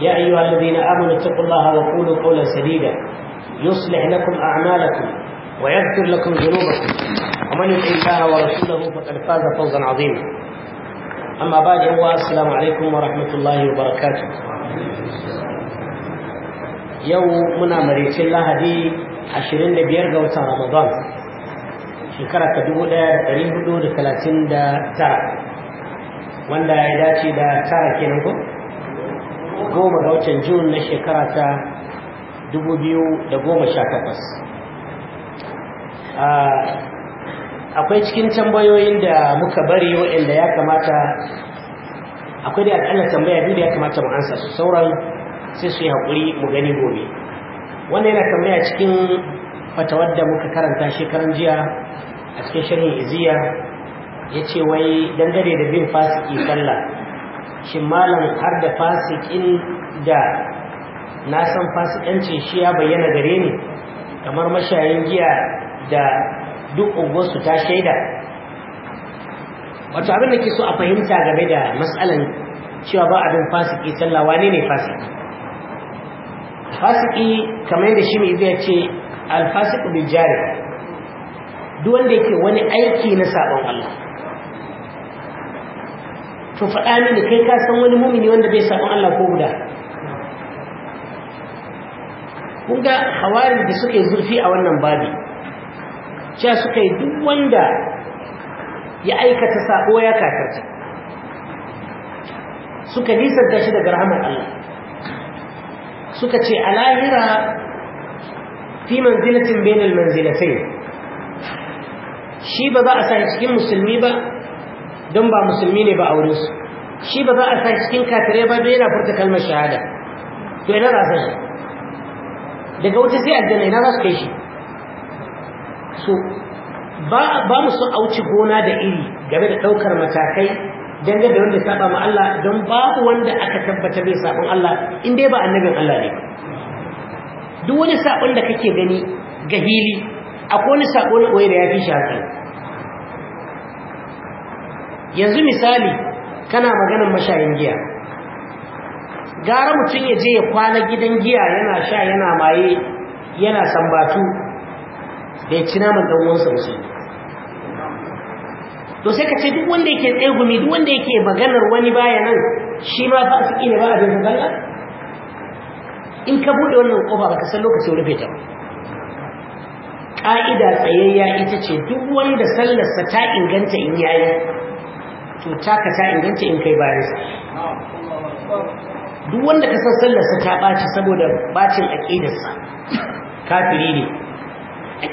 يا أيها الذين آمنوا اتقوا الله وقولوا قولا سديدا يصلح لكم أعمالكم ويغفر لكم ذنوبكم ومن يطع الله ورسوله فقد فاز فوزا عظيما أما بعد أيها السلام عليكم ورحمة الله وبركاته يوم منا مريت الله دي عشرين بيرجع وتر رمضان shekara ta dubu ɗaya da ɗari hudu da talatin da tara wanda ya dace da tara kenan ko goma ga watan jun na shekara ta 2018 akwai cikin tambayoyin da muka bari da ya kamata akwai da akalla tambaya biyu da ya kamata mu ansa su sauran sai su yi haƙuri mu gani gobe wannan yana tambaya cikin fatawar da muka karanta shekaran jiya a cikin shirin iziya ya ce wai dangane da bin fasiki sallah shi malam har da fasikin da na san fasikancin shi ya bayyana gare ni kamar mashayin giya da duk unguwarsu ta shaida wato abin da ke so a fahimta game da matsalan cewa ba abin fasiki sallah wane ne fasiki fasiki kamar yadda shi mai zai ce alfasiku jari, duk wanda yake wani aiki na sabon Allah to faɗa mini kai ka san wani mumini wanda bai samu Allah ko guda kun ga hawarin da suka yi zurfi a wannan babi cewa suka yi duk wanda ya aikata sabo ya kakarta suka nisanta shi daga rahamar Allah suka ce a lahira fi manzilatin bainal manzilatai shi ba za a sa cikin musulmi ba don ba musulmi ne ba aure su. shi ba za a sa cikin katire ba bai yana furta kalmar shahada to ina za daga wuce sai aljanna ina za su kai shi so ba mu son auci gona da iri game da ɗaukar matakai dangane da wanda saba ma Allah don babu wanda aka tabbata bai sabon Allah in dai ba annabin Allah ne duk wani sabon da kake gani ga hili akwai wani sabon na koyi da ya fi shi yanzu misali kana maganin mashayin giya gara mutum ya je ya kwana gidan giya yana sha yana maye yana sambatu da ya ci naman ɗan'uwansa to sai ka ce duk wanda yake tsegumi duk wanda yake maganar wani baya nan shi ma ba su ƙi ba a jirgin in ka buɗe wannan ƙofa ba ka san lokacin rufe ta ƙa'ida tsayayya ita ce duk wanda sallarsa ta inganta in yayi to taka ta inganta in kai bayan sa duk wanda ka san sallarsa ta baci saboda bacin aqidarsa kafiri ne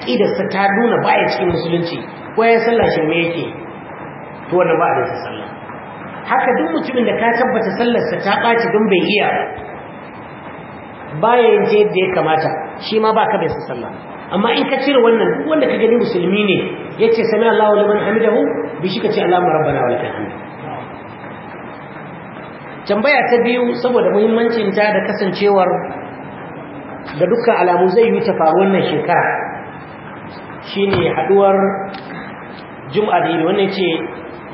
ƙidarsa ta nuna baya cikin musulunci ko ya sallar shi me yake to wannan ba a da sallar haka duk mutumin da ka tabbata sallarsa ta baci don bai iya ba baya yin ta yadda ya kamata shi ma ba ka bai sallar. amma in ka cire wannan duk wanda ka gani musulmi ne yace sami Allahu liman hamidahu bi shi ka ce Allahumma rabbana wa lakal hamd tambaya ta biyu saboda muhimmancin ta da kasancewar da dukkan alamu zai yi ta faru wannan shekara shine haduwar juma'a da yini wannan ce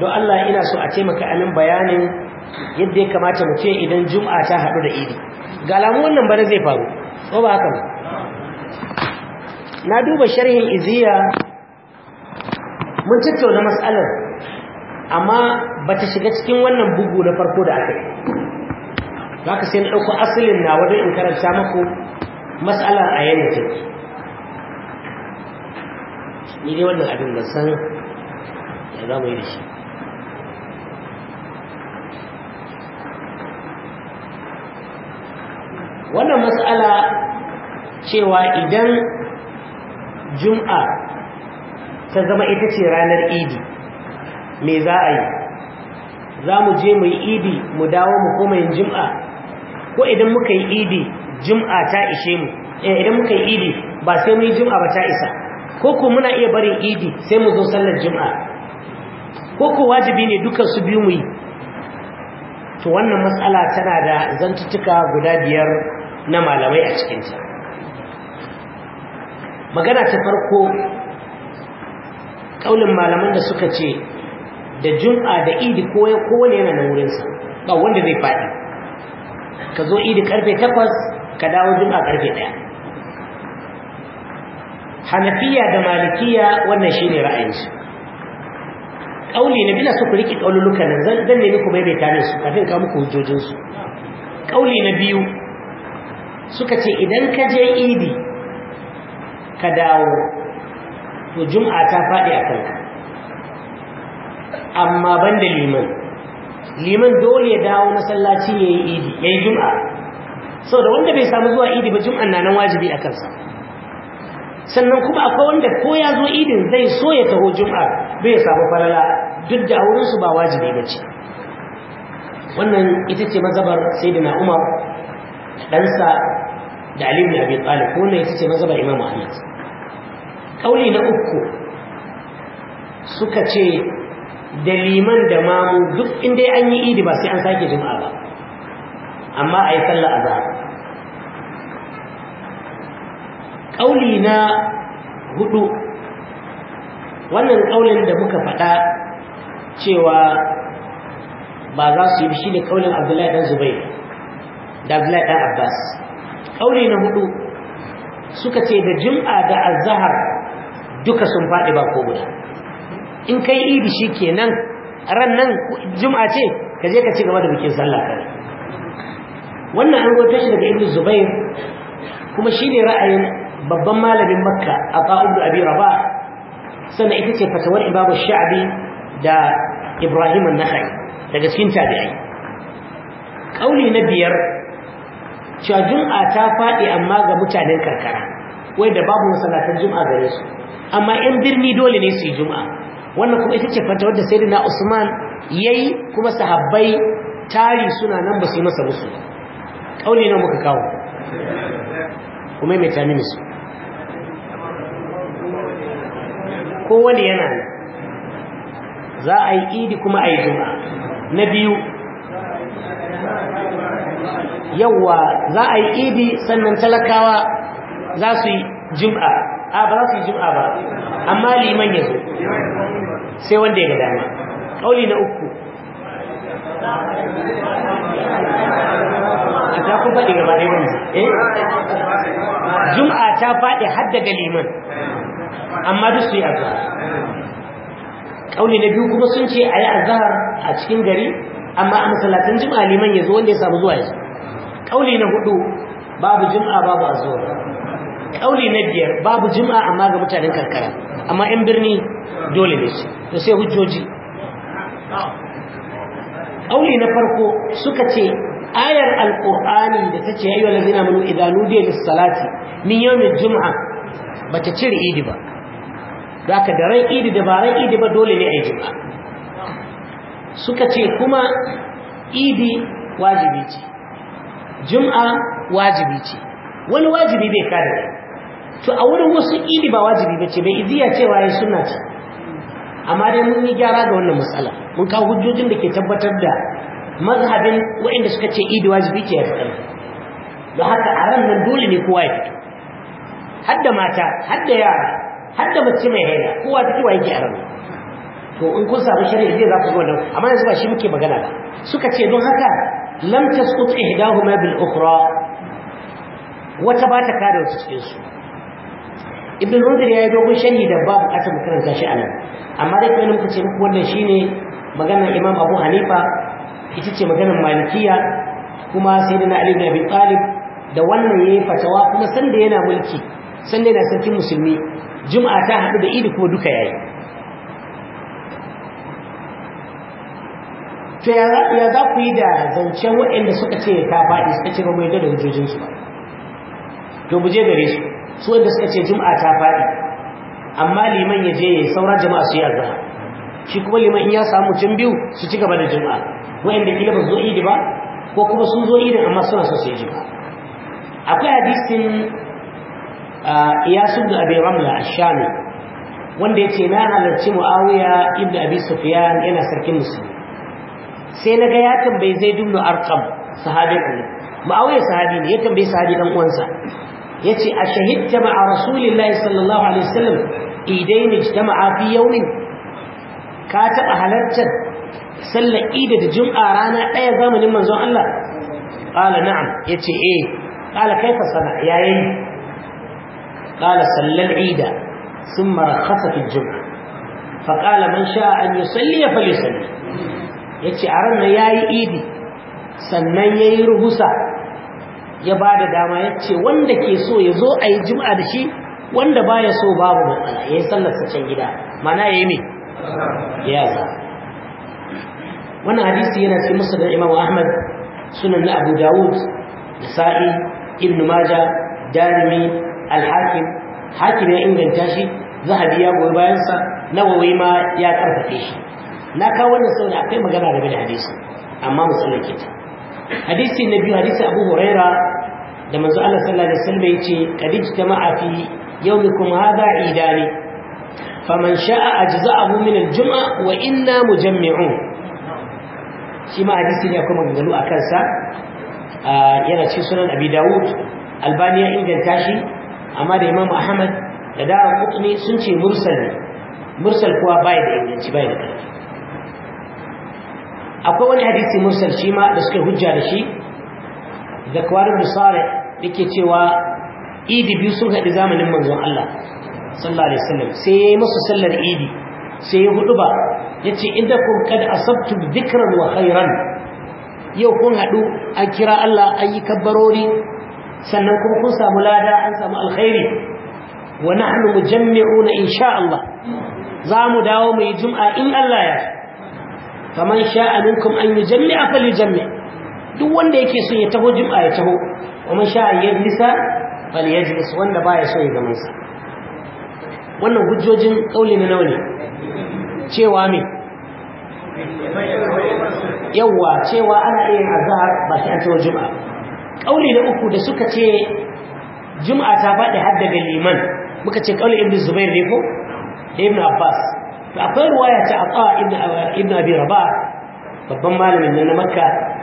don Allah ina so a taimaka amin bayanin yadda ya kamata mu ce idan juma'a ta haɗu da idi ga alamu wannan bana zai faru ko ba haka ba na duba sharhin iziya mun tattauna matsalar amma bata shiga cikin wannan bugu na farko da aka yi za ka sai na ɗauko asalin na wadda in karanta maku matsalar a yanayin take ni dai wannan abin da san ya za mu yi da shi wannan matsala cewa idan jum'a ta zama ita ce ranar idi me za a yi za mu je mu yi idi mu dawo mu koma yin jum'a ko idan muka yi idi jum'a ta ishe mu eh, idan muka yi idi ba sai mu yi jum'a ba ta isa ko ko muna iya barin idi sai mu zo sallar juma'a ko ko wajibi ne dukkan su biyu mu yi to wannan matsala tana da zantuttuka guda biyar na malamai a cikinta magana ta farko kaulin malaman da suka ce da jum'a da idi ko kowane yana nan wurinsa ba wanda zai faɗi ka zo idi karfe takwas ka dawo jum'a karfe ɗaya hanafiya da malikiya wannan shi ne ra'ayinsu kauli na bila su ku riƙe ƙaululuka nan zan nemi ku maimaita ne su kafin ka muku hujjojinsu kauli na biyu suka ce idan ka je idi ka dawo to jum'a ta faɗi a kanka amma ban da liman liman dole ya dawo masallaci ya yi idi ya yi jum'a sau da wanda bai samu zuwa idi ba jum'an na nan wajibi a kansa sannan kuma akwai wanda ko ya zo idin zai so ya taho jum'a bai ya samu falala duk da wurinsu ba wajibi ba ce wannan ita ce mazabar sai da na'umar ɗansa da alim da abin ɗalib wannan ita ce mazabar imam ahmad ƙauli na uku suka ce da liman da mamu duk inda an yi idi ba sai an sake jima'a ba amma a yi sallah a zaɓa ƙauli na hudu wannan ƙaulin da muka faɗa cewa ba za su yi shi ne ƙaulin abdullahi ɗan zubai da abdullahi ɗan abbas ƙauli na hudu suka ce da jim'a da azahar duka sun faɗi ba ko guda in kai idi shi kenan ran nan juma'a ce ka je ka ci gaba da bikin sallah kai wannan an gwato shi daga ibnu zubair kuma shi ne ra'ayin babban malamin makka a ibnu abi rabah sannan ita ce fatawar ibabu sha'bi da ibrahim an-nakhai daga cikin tabi'ai kauli na biyar cewa juma'a ta faɗi amma ga mutanen karkara wai da babu masallatan juma'a gare su amma yan birni dole ne su yi juma'a wannan kuma ita ce sai da na usman ya yi kuma sahabbai tari suna nan ba su yi masa musu ƙauni nan muka kawo kuma mai tamimi su kowane yana nan za a yi idi kuma a yi juma'a na biyu yawwa za a yi idi sannan talakawa za su yi juma'a a ba su yi jim'a ba amma liman ya zo sai wanda ya ga dama ƙauli na uku a ta kun faɗi gaba ɗaya wani eh jum'a ta faɗi har daga liman amma duk su yi azhar ƙauli na biyu kuma sun ce a yi azhar a cikin gari amma a masallatan jum'a liman ya zo wanda ya samu zuwa shi, zo ƙauli na hudu babu jum'a babu azhar kauli na biyar babu jima amma ga mutanen karkara amma yan birni dole ne to sai hujjoji kauli na farko suka ce ayar alqur'ani da ta tace ayyuhal ladina amanu idanu da lis salati min yawmil ba ta cire idi ba aka da ran idi da ba ran idi ba dole ne yi jum'a suka ce kuma idi wajibi ce jum'a wajibi ce wani wajibi bai kare to a wurin wasu idi ba wajibi ba ce bai iziya cewa ya suna ce amma dai mun yi gyara ga wannan matsala mun kawo hujjojin da ke tabbatar da mazhabin waɗanda suka ce idi wajibi ce ya fi ƙarfi don haka a ran nan dole ne kowa ya fito har da mata har da yara har da mace mai haila kowa kiwa yake a ran to in kun samu shari'a zai za ku zo nan amma yanzu ba shi muke magana ba suka ce don haka lam tasqut ihdahuma bil ukhra wata ba ta kare wata cikin su ibn munzir ya yi dogon shani da babu bukatar mu karanta shi anan amma dai kuma muka ce muku wannan shine maganar imam abu hanifa ita ce maganar malikiya kuma sayyidina ali ibn abi talib da wannan yayi fatawa kuma sanda yana mulki sanda yana sarkin musulmi juma'a ta hadu da idi ko duka yayi to ya za ku yi da zancen waɗanda suka ce ta faɗi suka ce ba mai da hujjojinsu ba to mu je gare su su wanda suka ce juma'a ta faɗi amma liman ya je sauran jama'a su yi shi kuma liman in ya samu mutum biyu su ci gaba da juma'a wa'anda kila ba su zo idi ba ko kuma sun zo idin amma suna so su yi juma'a akwai hadisin iyasu da abin ramla a shami wanda ya ce na halarci mu'awiya ibn abi sufyan yana sarkin musulmi sai na ga ya tambayi zai dumnu arkam sahabin annabi mu'awiya sahabi ne ya tambayi sahabi dan uwansa Ya ce a shahidta a rasulillahi sallallahu alaihi wasallam idain ijtama'a fi yawmin ka taba halartar sallar ida da jum'a rana daya zamanin manzon Allah qala na'am yace eh qala kaifa sana yayin qala sallal ida thumma rakhasa fi jum'a فقال من شاء أن يصلي فليصلي yace a ranar yayi idi sannan yayi ruhusa ya ba da dama ya ce wanda ke so ya zo a yi jim'a da shi wanda ba ya so babu matsala ya yi sallarsa can gida mana ya yi me ya za wannan hadisi yana cikin da imam ahmad sunan na abu dawud da sa'i ibn maja darimi alhakim hakim ya inganta shi zahabi ya goyi bayansa nawawi ma ya karfafe shi na kawo wannan saboda akwai magana game da hadisi amma musulun ke ta hadisi na biyu hadisi abu huraira da manzo Allah sallallahu alaihi wasallam yace qad ijtama'a fi yawmikum hadha idani faman sha'a ajza'ahu min al-jum'a wa inna mujammi'un shi ma hadisi ne kuma maganganu a kansa yana cikin sunan abi dawud albani ya inganta shi amma da imamu ahmad da dara kutni sun ce mursal ne mursal kuwa bai da inganci bai da karfi akwai wani hadisi mursal shi ma da suka hujja da shi zakwar ibn salih yake cewa idi biyu sun haɗu zamanin manzon Allah sallallahu alaihi Sai sai yi musu sallar idi sai ya hudu ba yace indakum kad asabtum dhikran wa khairan yau kun haɗu an kira Allah an yi kabbarori sannan kuma kun samu lada an samu alkhairi wa nahnu mujammi'una insha Allah za mu dawo mu yi jum'a in Allah ya faman sha'a minkum an yujammi'a falyujammi' duk wanda yake so ya taho jum'a ya taho wa ya lisa, yajlisa ya yajlis wanda baya so ya zama sa wannan hujjojin kauli na nawa ne cewa me yawa cewa ana iya azhar ba sai an taho jum'a. kauli na uku da suka ce jum'a ta faɗi har daga liman muka ce kauli ibnu zubair ne ko ibnu abbas to akwai ruwaya ta aqa ibnu ibnu abi rabah babban malamin ne na makka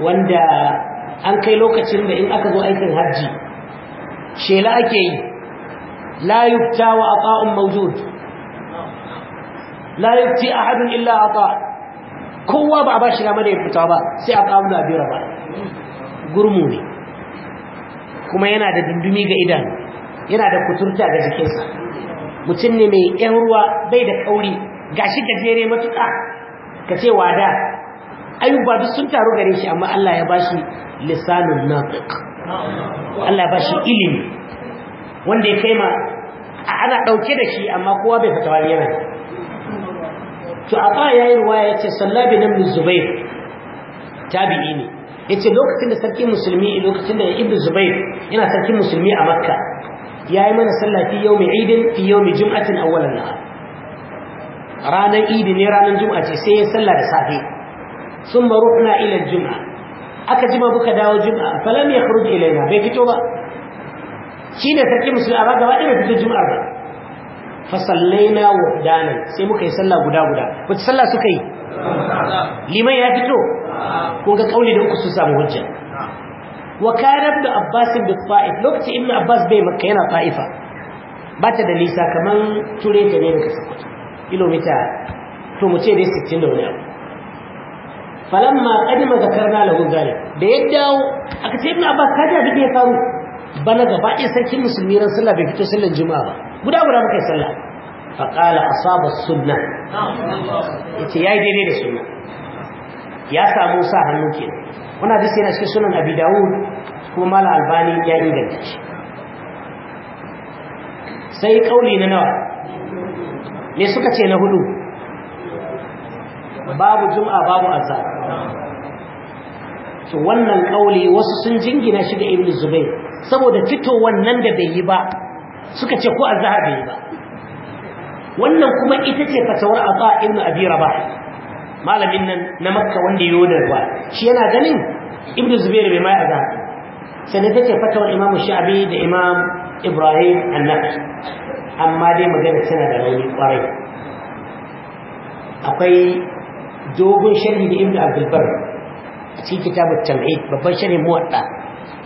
wanda an kai lokacin da in aka zo aikin hajji shela ake yi la yufta wa aqa'un mawjud la ahadun illa aqa kowa ba a bashi dama da ya fita ba sai a kawo da abira ba gurmu ne kuma yana da dundumi ga idan yana da kuturta ga jikinsa mutum ne mai yan ruwa bai da kauri gashi gajere matuƙa ka ce wada ayyuba duk sun taru gare shi amma Allah ya bashi lisanun nafiq Allah ya bashi ilimi wanda ya kaima ana dauke da shi amma kowa bai fatawa yana to aba yayi ruwaya yace sallabi nan zubair tabi'i ne yace lokacin da sarki musulmi lokacin da ibnu zubair yana sarki musulmi a makka yayi mana sallah fi yawmi idin fi yawmi jum'atin awwalan nahar ranar idi ne ranar jum'a ce sai ya sallah da safe ثم رحنا إلى الجمعة أكجم بك داو الجمعة فلم يخرج إلينا بيكتو با شين تركي مسلم أبا قبا إلا في الجمعة با فصلينا وحدانا سيموك يسلى بدا بدا وتسلى سكي لما يفتو كونك قولي دعوك سوسا وجه وكان ابن عباس بالطائف لو كنت ابن عباس بي مكة هنا طائفة بات دليسا كمان تريد نيرك سكوت إلو to mu ce ستين 60 da falamma kadima zakarna lahu zalik da ya dawo aka ce ina ba ka ji abin ya faru bana gaba ɗaya sarkin musulmi ran sallah bai fito sallar juma'a ba guda guda muka yi sallah fa qala asaba sunna yace yayi daidai da sunna ya samu sa hannu kenan wannan hadisi yana cikin sunan abi dawud kuma mala albani ya inganta shi sai kauli na nawa ne suka ce na hudu babu Juma'a babu azhar so wannan kauli wasu sun jingina shi da ibnu zubair saboda fitowar nan da bai yi ba suka ce ko azhar bai yi ba wannan kuma ita ce fatawar ata ibnu abi rabah malamin nan na makka wanda yayo da ruwa shi yana ganin ibnu zubair bai mai azhar sai ne ce fatawar imam shafi da imam ibrahim annabi amma dai magana tana da rauni kwarai akwai dogon sharhi da ibnu abdulbar a cikin kitabar tamhid babban sharhi muwadda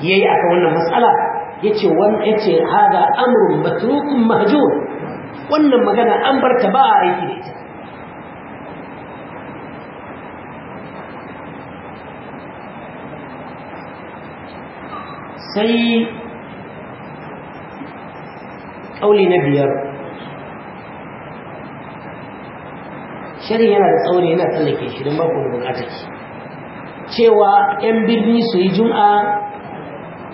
yayi aka wannan mas'ala yace wannan yace hada amrun matrukun mahjur wannan magana an barta ta ba aiki da ita sai ƙauli na biyar shirin yana da tsauri yana tsallake shi don baku da bukatar cewa yan birni su yi jum'a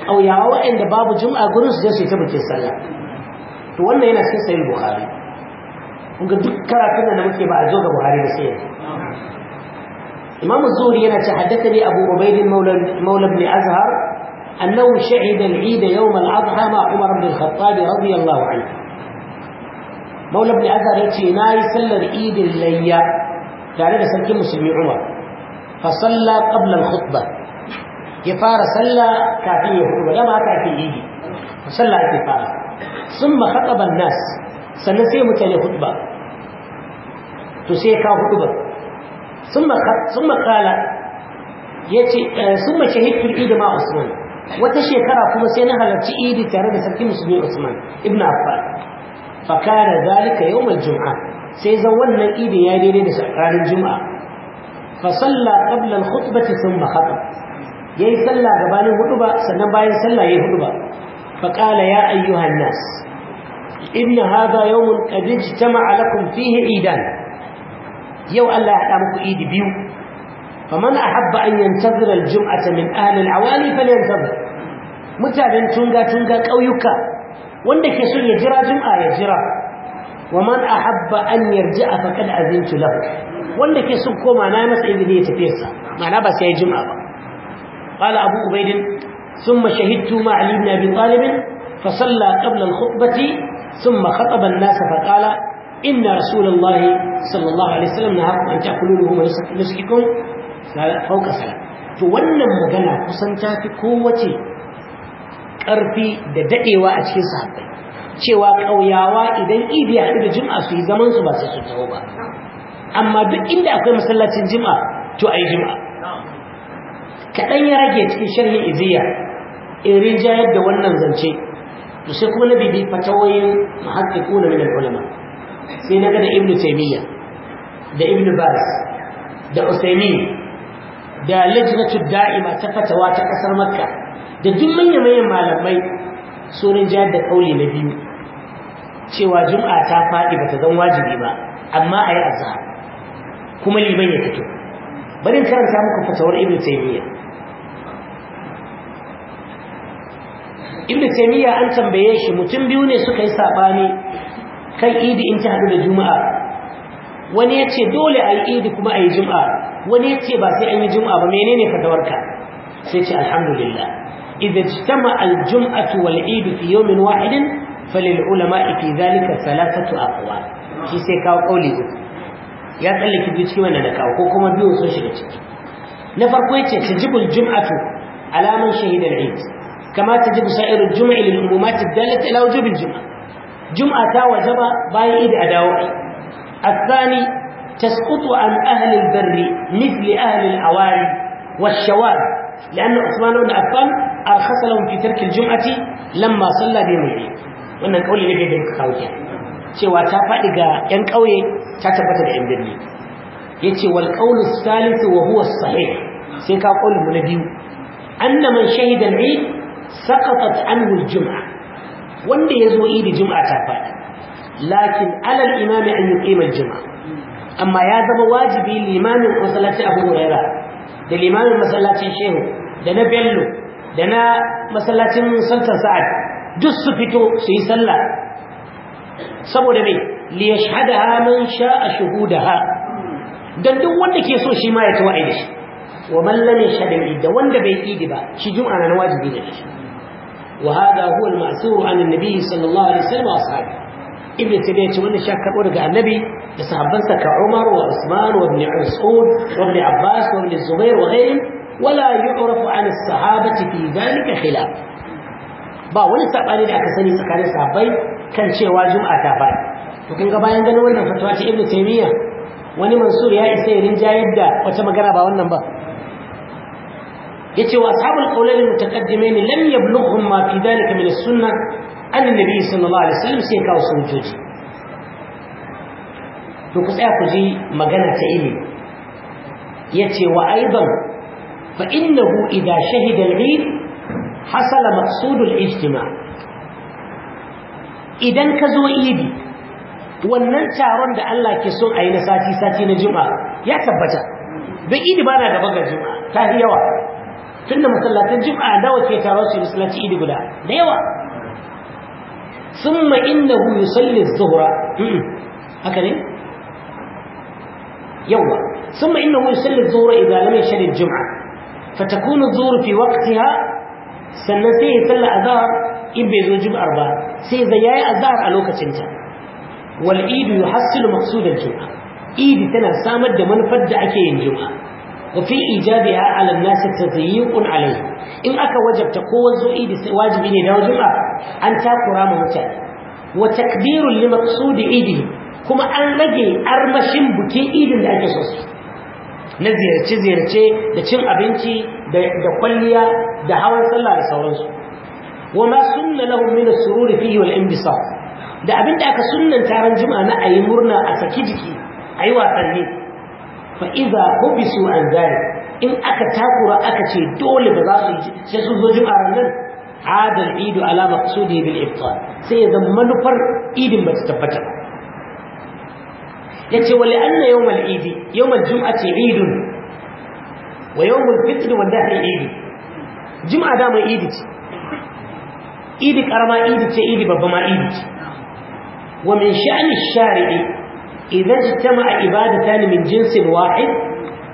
ƙauyawa waɗanda babu jum'a gurin su je su yi ta bikin sallah to wannan yana cikin sayin buhari kun ga duk karatun da muke ba a zo ga buhari da sai imam zuri yana ce haddathani abu ubayd maula ibn azhar annahu shahida al-eid yawm al-adha ma umar ibn al-khattab radiyallahu anhu maulab ibn azhar yace yi sallar idin layya tare da sarkin musulmi umar fa salla qabla ya fara salla kafin ya hudu dama idi salla ake fara summa khataba an-nas sannan sai mutane khutba to sai ka khutba summa summa qala yace eh, summa shahidtu al ma usman wata shekara kuma sai na halarci idi tare da sarkin musulmi usman affan fa zalika yawmal jum'a sai zan wannan idin ya daidai da ranar juma'a fa salla qabla al-khutbati thumma khatab yayi salla gabanin huduba sannan bayan salla yayi hudu fa qala ya ayyuhan nas inna hadha yawmun qad ijtama'a lakum fihi idan yau Allah ya hada muku idi biyu faman ahabba an yantazira al-jum'ata min ahli al-awali falyantazir mutanen tunga tunga ƙauyuka. wanda ke son ya jira jum'a ya jira wa man ahabba an yarji'a faqad azintu lahu wanda ke son koma na masa izini ya tafi sa ma'ana ba sai jum'a ba qala abu ubayd thumma shahidtu ma ali ibn abi talib fa salla qabla al-khutbati thumma khataba an-nas fa qala inna rasulallahi sallallahu alaihi wasallam nahakum an ta'kulu wa nusukikum fawqa salat to wannan magana kusan ta fi kowace ƙarfi da daɗewa a cikin sahabbai cewa ƙauyawa idan idi ya haɗu da jim'a su yi zaman su ba sai su taho ba amma duk inda akwai masallacin jima'a to a yi kaɗan ya rage cikin shirin iziya irin rinjayar da wannan zance to sai kuma na bibi fatawoyin mahaƙiƙu na minar ulama sai na ga da ibnu taimiyya da ibnu baz da usaimin da lajnatu da'ima ta fatawa ta ƙasar makka da duk manya manyan malamai sunan jihar da kauli na biyu cewa jum'a ta faɗi bata zan wajibi ba amma a yi azhar kuma liman ya fito barin karanta muku fatawar ibn taymiya ibn taymiya an tambaye shi mutum biyu ne suka yi saɓani kan idi in ta hadu da juma'a wani ya ce dole a idi kuma a juma'a wani ya ce ba sai an yi juma'a ba menene fatawarka sai ce alhamdulillah إذا اجتمع الجمعة والعيد في يوم واحد فللعلماء في ذلك ثلاثة أقوال شي سيكاو قولي يا تلك بيو cikin wannan da kawo ko kuma biyu sun shiga ciki na farko yace tajibul jum'atu ala man shahida al-eid kama tajibu sa'irul jum'i lil umumat ad ta wajaba bayan eid adawo الثاني تسقط عن أهل البر مثل أهل الأواري والشوارع لأن عثمان بن عفان arkhasa lahum fi tarkil jum'ati lamma salla bi mai wannan kauli ne da kawo ke cewa ta fadi ga yan kauye ta tabbata da yan birni yace wal qawlu Salisu wa huwa sahih sai ka kauli mu na biyu anna man shahida al-eid saqatat anhu al-jum'a wanda yazo idi jum'a ta fadi lakin ala al-imami an yuqima al-jum'a amma ya zama wajibi limamin masallaci Abu Hurairah da limamin masallacin Shehu da na Bello da na masallacin sultan sa'ad duk su fito su yi sallah saboda me li yashhadaha man da ha, don duk wanda ke so shi ma ya tawaye aida shi wa man lam yashhad da wanda bai idi ba shi jum'a na wajibi ne shi wa hada huwa al-ma'sur an an sallallahu alaihi wasallam wa ashabi ibn tabi'a ce wannan shakar daga annabi da sahabbansa ka Umar wa Usman wa ibn Mas'ud wa ibn Abbas wa ibn Zubair wa ghayrihim wala yu'rafu an as-sahabati ta dhalika ba wani sabani da aka sani tsakanin sahabbai kan cewa juma'a ta fara to kin ga bayan ganin wannan fatawa ta ibnu taymiya wani mansur ya isa ya rinjayar da wata magana ba wannan ba yace wa ashabul qawlani mutaqaddimin lam yablughhum ma fi dhalika min as-sunnah an nabi sallallahu alaihi wasallam sai kawo sojoji to ku tsaya ku ji magana ta ilimi yace wa aidan فإنه إذا شهد العيد حصل مقصود الاجتماع ka zo Idi, wannan taron da Allah ke son a yi na sati-sati na jima'a ya tabbata don idi ba na daban ga jima'a ta fi yawa tun da masallatan jima'a nawa ke taron su masallaci idi guda da yawa sun ma'innahu yusalli zuhura haka ne yawa sun ma'innahu yusalli zuhura idan shirin jima'a fatakunu zuhur fi ha, sannan sai ya salla azhar in bai zo jum'ar ba sai zai yayi azhar a lokacin ta wal idu yuhassilu maqsudal jum'a idi tana samar da manufar da ake yin jum'a wa fi ijabiha ala an-nas tadyiqun alayhi in aka wajabta ko wanzo idi sai wajibi ne dawo jum'a an takura ma mutane wa takbirun li maqsudi idi kuma an rage armashin bukin idin da ake so na ziyarce-ziyarce da cin abinci da kwalliya da hawan sallah da sauransu wa ma sunna lahum min as-sururi fihi wal inbisat da abinda aka sunnan taron juma'a na ayi murna a saki jiki ayi wasanni fa idza hubisu an zalik in aka takura aka ce dole ba za su yi sai sun zo juma'ar nan adal idu ala maqsudi bil iftar sai ya zama manufar idin ba ta tabbata ba yace wali anna yawmal idi yawmal jum'ati idun wa yawmul fitr wa dahi idi jum'a da mai idi ce idi karama idi ce idi babba ma idi ce wa min sha'ni shari'i idan jitama ibadatan min jinsin wahid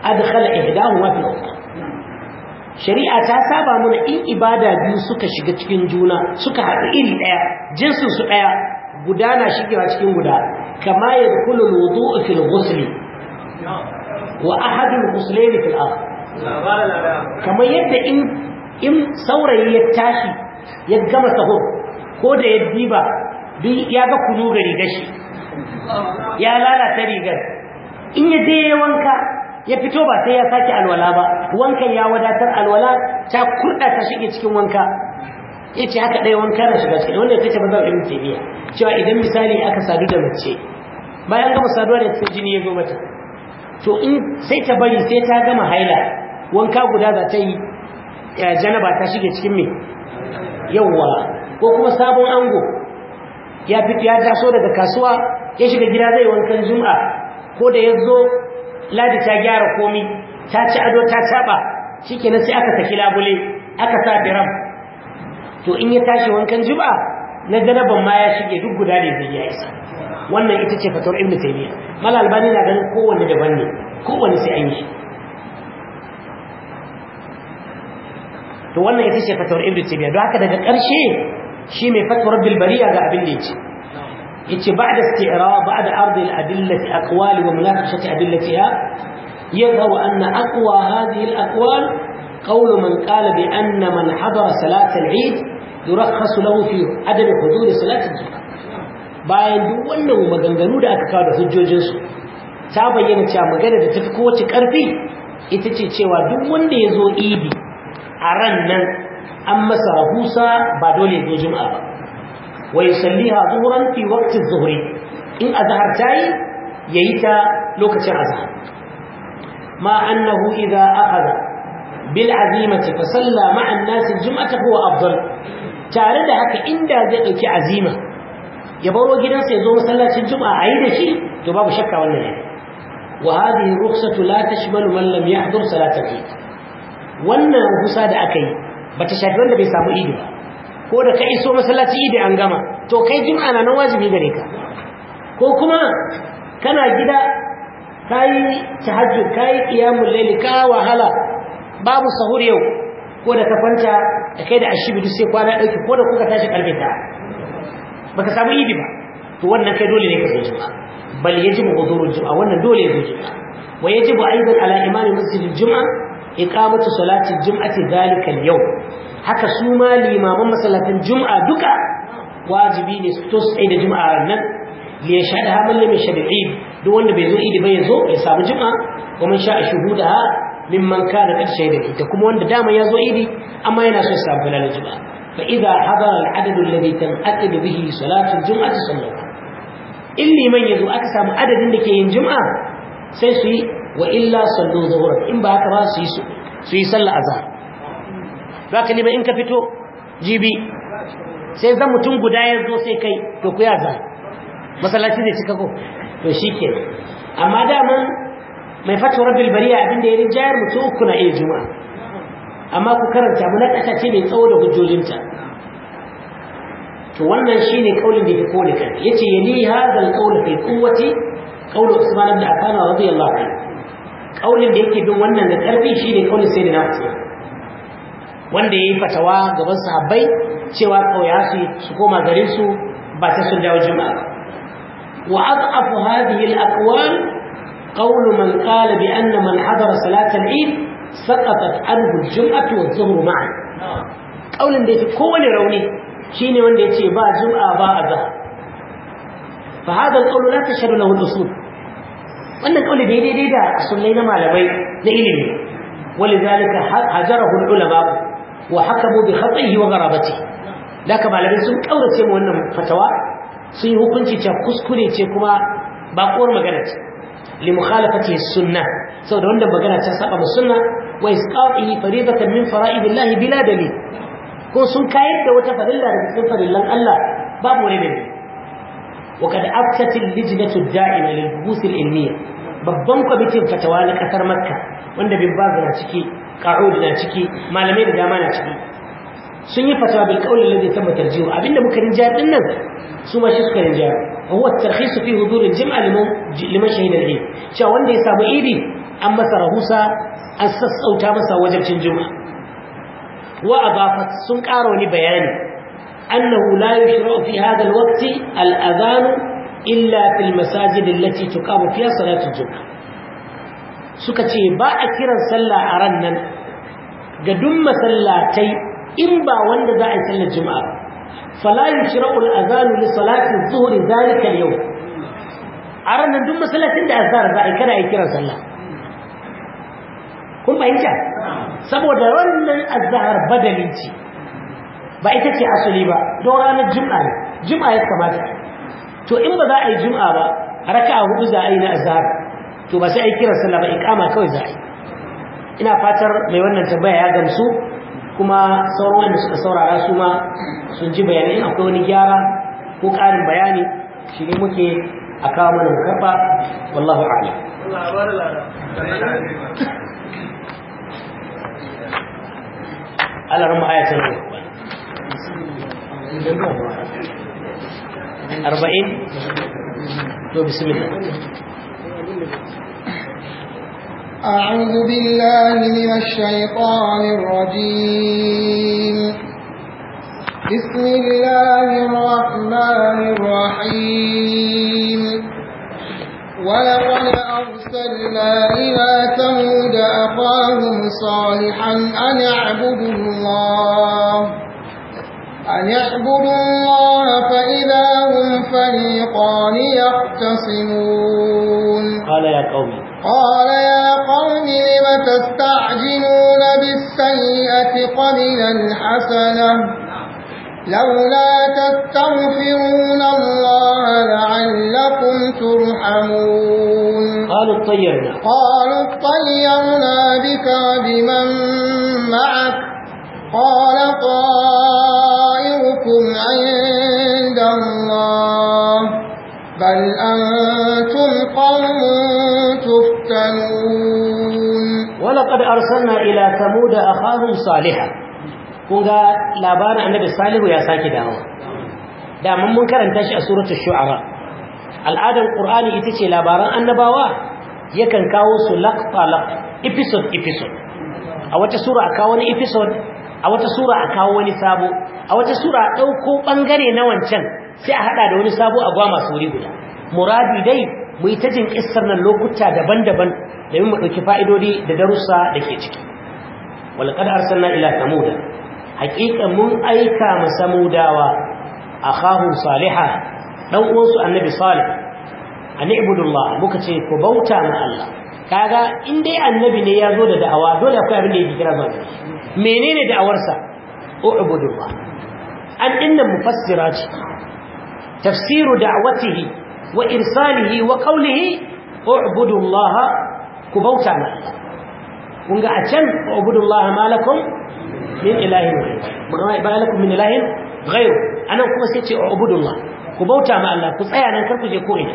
adkhala ihdahuma fi al-ukhra shari'a ta saba mana in ibada biyu suka shiga cikin juna suka haɗu iri ɗaya jinsin su ɗaya gudana shigewa cikin guda كما يدخل الوضوء في الغسل وأحد الغسلين في الأرض كما يبدأ ya إن ثورة يتاشي يتجمع سهور كود ya بي يابا كنو غريغشي يا لا لا ya lalata rigar. In ya fito ba sai ya sake alwala ba wankan ya wadatar alwala ta kurda ta shige cikin wanka yace haka dai wanka na shiga cikin wanda yake ba zan ibn tabiya cewa idan misali aka sadu da mace bayan gama saduwa da ta jini ya zo mata to in sai ta bari sai ta gama haila wanka guda za ta yi janaba ta shige cikin me yawwa ko kuma sabon ango ya fito ya taso daga kasuwa ya shiga gida zai wankan juma'a ko da ya zo ladi ta gyara komi ta ci ado ta caba shikenan sai aka saki labule aka sa biram to in ya tashi wankan juma'a na janaban ma ya shige duk guda ne zai ya isa wannan ita ce fatawar ibnu taymiya mal albani na ganin kowanne daban ne kowanne sai an yi to wannan ita ce fatawar ibnu taymiya don haka daga ƙarshe shi mai fatawar bil bariya ga abin da yake yace ba'da isti'rab ba'da ard al adillati aqwal wa munaqashati adillatiha yadhaw anna aqwa hadhihi al aqwal قول من قال بأن من حضر صلاة العيد yurakhasu lahu fi adad hudur salati al bayan duk wannan maganganu da aka kawo da hujjojinsu ta bayyana cewa magana da tafi kowace karfi ita ce cewa duk wanda ya zo idi a ran nan an masa rahusa ba dole ya zo juma'a ba wa yusalliha zuhran fi waqti zuhri in yi tayi yayi ta lokacin azahar. ma annahu idza akhadha bil azimati fa salla ma'a an-nas al-jum'ata huwa tare da haka inda zai ɗauki azima ya baro gidansa ya zo masallacin juma'a a yi da shi to babu shakka wannan ne wa hadhihi rukhsatu la tashmalu man lam yahdhur salatal eid wannan rukhsa da aka yi bata shafi wanda bai samu idi ba ko da ka iso masallaci idi an gama to kai juma'a na nan wajibi gare ka ko kuma kana gida kayi tahajjud kayi qiyamul layl ka wahala babu sahur yau ko da ka kwanta da kai da ashibi duk sai kwana dauki ko da kuka tashi karfe ta baka samu idi ba to wannan kai dole ne ka zo bal yajibu huzurul jum'a wannan dole ya zo wa yajibu aidan ala imam masjidil jum'a iqamatu salati jum'ati zalika al-yawm haka su ma limaman masallatin jum'a duka wajibi ne su tosu da jum'a nan li yashhadaha man lam yashhad eid duk wanda bai zo idi ba ya zo ya samu jum'a kuma sha shuhuda mimman kana kad shaida da kuma wanda dama ya zo iri, amma yana son samu lalar juma'a fa idza hadara al-adad alladhi tanqadu bihi salatu al-jum'ati sallallahu in liman yazo aka samu adadin da ke yin juma'a sai su yi wa illa sallu zuhur in ba haka ba su yi su yi sallar azhar zaka ne ba in ka fito jibi sai zan mutum guda ya zo sai kai to ku ya zai masallaci zai cika ko to shikenan amma daman mai fatuwar rabbil bariya abinda ya rinjayar mutum uku na iya juma'a amma ku karanta mu na ce mai tsawo da hujjojinta to wannan ne kaulin da yake kone kan yace yali hadha alqawl fi quwwati qawl Usman ibn Affan radiyallahu anhu kaulin da yake bin wannan da karfi shine kaulin na Usman wanda yi fatawa gaban sahabbai cewa kauya su koma garin su ba ta sun dawo juma'a wa adhafu hadhihi alaqwal قول من قال بأن من حضر صلاة العيد سقطت عنه الجمعة والظهر معا قول ده كون روني شيني وان ده يتي با جمعة با أذهر فهذا القول لا تشهد له الأصول وأن القول دي دي دي ده أصلينا ما لبي لإلمي ولذلك هجره العلماء وحكموا بخطئه وغرابته لك ما لبي سن قول سيمو أنه فتوى sun yi hukunci ta kuskure ce kuma ba kowar magana ce li sunna, sunnah saboda wanda magana ta saba mu sunna wa isqati faridatan min fara'idillahi bila dalil ko sun kayar da wata farilla daga cikin farillan Allah babu wani dalili وقد أفتت اللجنة الدائمة للبحوث العلمية babban kwamitin fatawa na ƙasar makka wanda bin bazu na ciki ƙa'udu na ciki malamai da dama na ciki sun yi fatawa bil qawl alladhi thamma tarjihu abinda muka rinjayar din nan su ma shi suka rinjayar huwa tarkhis fi hudur al jam'a liman liman shahida al eid cewa wanda ya samu idi an masa rahusa an sassauta masa wajibcin jum'a wa adafat sun ƙara wani bayani annahu la yushra'u fi hadha al waqti al adhan illa fil masajid allati tuqamu fiha salatu jum'a suka ce ba a kiran sallah a ran nan ga duk masallatai in ba wanda za a yi sallar juma'a fala yushra'u al-adhan li salati adh-dhuhr dhalika al-yawm a ranar duk masallacin da azhar za a yi kada a yi kiran sallah kun fahimta saboda wannan azhar badalin ce ba ita ce asali ba don ranar juma'a ne juma'a ya kamata to in ba za a yi juma'a ba raka'a hudu za a yi na azhar to ba sai a yi kiran sallah ba iqama kawai za a yi ina fatar mai wannan tambaya ya gamsu kuma sauran wanda suka saurara su ma sun ji bayanai akwai wani gyara ko ƙarin bayani shi ne muke a kawo mana hukarba wallahu a'lam Allah rama ayatan arba'in to bismillah أعوذ بالله من الشيطان الرجيم بسم الله الرحمن الرحيم ولقد أرسلنا إلى ثمود أخاهم صالحا أن اعبدوا الله أن اعبدوا الله فإذا هم فريقان يختصمون قال يا قوم قال يا قوم لم تستعجلون بالسيئة قبل الحسنة لولا تستغفرون الله لعلكم ترحمون قالوا اطيرنا قالوا اطيرنا بك وبمن معك قال طائركم عند الله بل أنتم قوم walaqad arsalna ila thamud akhahum salihan Saliha. ga labarin annabi salihu ya sake dawo da mun mun karanta shi a suratul shu'ara al'adar qur'ani ita ce labaran annabawa yakan kawo su laqta laq episode episode a wata sura a kawo wani episode a wata sura a kawo wani sabo a wata sura a ɗauko ɓangare na wancan sai a haɗa da wani sabo a ba masu wuri guda Muradi dai mu yi ta jin ƙistar nan lokuta daban-daban domin mu ɗauki fa'idodi da darussa da ke ciki walƙad arsana ila samuda haƙiƙa mun aika ma samudawa a kahu saliha ɗan uwansu annabi salih a ni'budullah muka ce ku bauta ma Allah kaga in dai annabi ne ya zo da da'awa dole akwai abin da yake kira zuwa menene da'awarsa u'budullah an dinnan mufassira ce tafsiru da'watihi wa irsalihi wa qawlihi u'budullaha ku bauta na kun ga a can ubudullaha malakum min ilahin magana ibalakum min ilahin ghayr anan kuma sai ce ubudullah ku bauta ma Allah ku tsaya nan kar ku je ko ina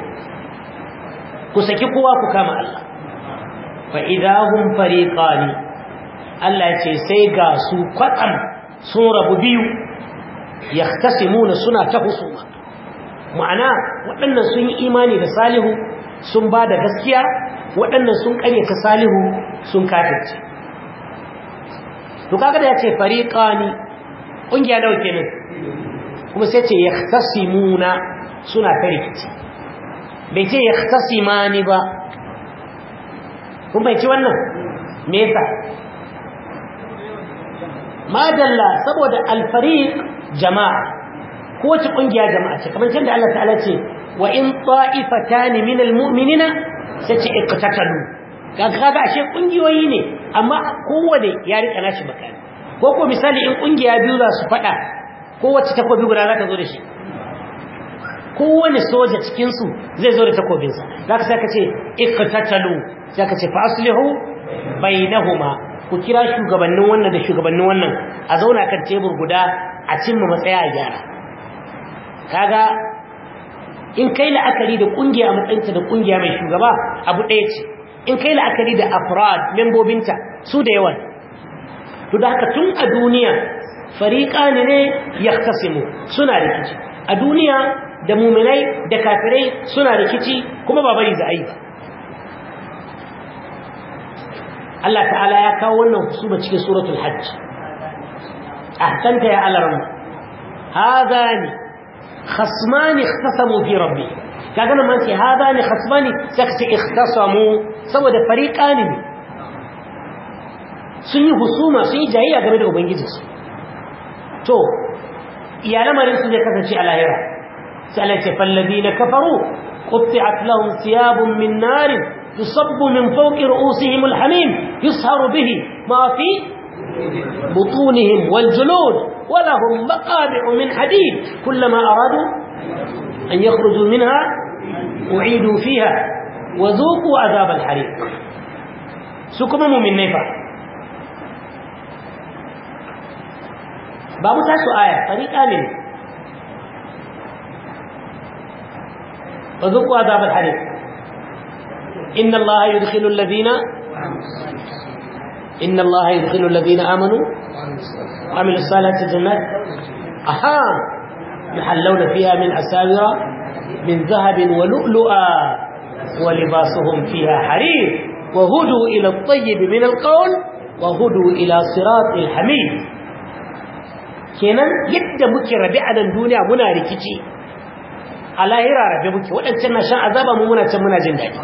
ku saki kowa ku kama Allah fa idahum fariqani Allah ce sai ga su kwatsam sun rabu biyu yahtasimuna suna ta husuma ma'ana waɗannan sun yi imani da salihu sun ba da gaskiya waɗannan sun ta salihu sun kafirce to kaga da ya ce fariqani ƙungiya nawa kenan kuma sai ce yahtasimuna suna tarikici bai ce yahtasimani ba kun bai ci wannan me yasa madalla saboda alfariq jama'a kowace ƙungiya jama'a ce kamar can da Allah ta'ala ce wa in ta'ifatan min almu'minina sai ce iqtatalu kaga kaga ashe kungiyoyi ne amma kowane ya rika nashi makami ko ko misali in kungiya biyu za su fada kowace takobi guda za ta zo da shi kowane soja cikin su zai zo da takobin sa zaka sai ka ce iqtatalu sai ka ce fa aslihu bainahuma ku kira shugabannin wannan da shugabannin wannan a zauna kan tebur guda a cimma matsaya a gyara kaga in kai la'akari da kungiya matsayinta da kungiya mai shugaba abu ɗaya ce in kai la'akari da afrad membobinta su da yawan to da haka tun a duniya fariƙani ne yaktasimu suna rikici a duniya da muminai da kafirai suna rikici kuma ba bari za a yi ba Allah ta'ala ya kawo wannan husuma cikin suratul hajj ahsanta ya haza ne. خصمان اختصموا في ربي kaga nan man ce hada ne khasmani sai ce ikhtasamu saboda fariqani ne sun yi husuma sun yi jayayya game da ubangiji to ya lamarin su zai kasance a lahira sai Allah ce falladina kafaru qutti'at lahum thiyabun min nar yusabbu min fawqi ru'usihim alhamim yusharu bihi ma fi بطونهم والجلود ولهم مقامع من حديد كلما أرادوا أن يخرجوا منها أعيدوا فيها وذوقوا عذاب الحريق سكمم من نيفا باب tasu آية طريق آمن وذوقوا عذاب الحريق إن الله يدخل الذين إن الله يدخل الذين آمنوا وعملوا الصالحات جنات أها يحلون فيها من أساور من ذهب ولؤلؤا ولباسهم فيها حرير وهدوا إلى الطيب من القول وهدوا إلى صراط الحميد kenan yadda muke rabe a nan duniya muna rikici a lahira rabe muke waɗancan na shan azaba mu muna can muna jin daɗi